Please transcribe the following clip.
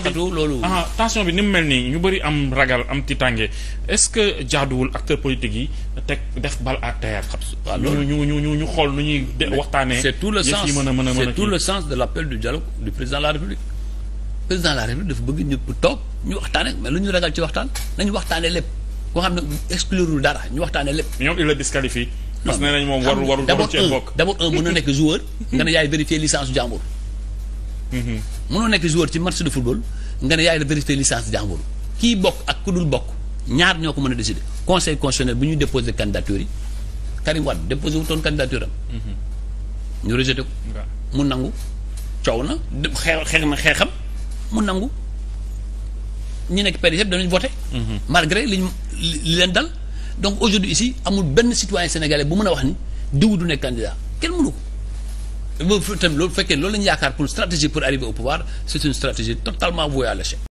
taxatu loolu. Ah, tension bi ni mu mel nii ñu bëri am ragal am ti tàngee est-ce que jaaduwul acteur politiques yi teg def bal a terre. waaw loolu ñu ñu ñu ñu xool nu ñuy. waxtaanee c'est tout le sens c'est tout le sens de l'appel du dialogue du président de la République. président de la République dafa bëgg ñëpp toog ñu waxtaanee mais lu ñu ragal ci waxtaan nañu waxtaanee lépp koo xam ne exclurul dara ñu waxtaanee lépp. ñoom il le disqualifie. parce que nee nañ moom warul warul warul cee bokk. d'abord un d'abord un mën na nekk joueur. nga ne yaay Mm-hmm. mënoo nekk joueur ci match de football nga ne yaay da vérifier licence jàmbur kii bokk ak ku dul bokk ñaar ñoo ko mën a décider conseil constitutionnel bu ñuy déposé candidature yi Karim Wade déposé wutoon candidature am. Mm-hmm. ñu rejeté ko. mu nangu coow na xeex xeex na xeexam mu nangu ñi nekk PDS yëpp danañ voté. Mm-hmm. malgré li leen dal donc aujourd'hui ici amul benn citoyen sénégalais bu mën a wax ni diw du nekk candidat kenn mënu ko. bu tam loolu bu fekkee loolu la ñu yaakaar pour stratégie pour arriver au pouvoir c'est une stratégie totalement vouée à l'échec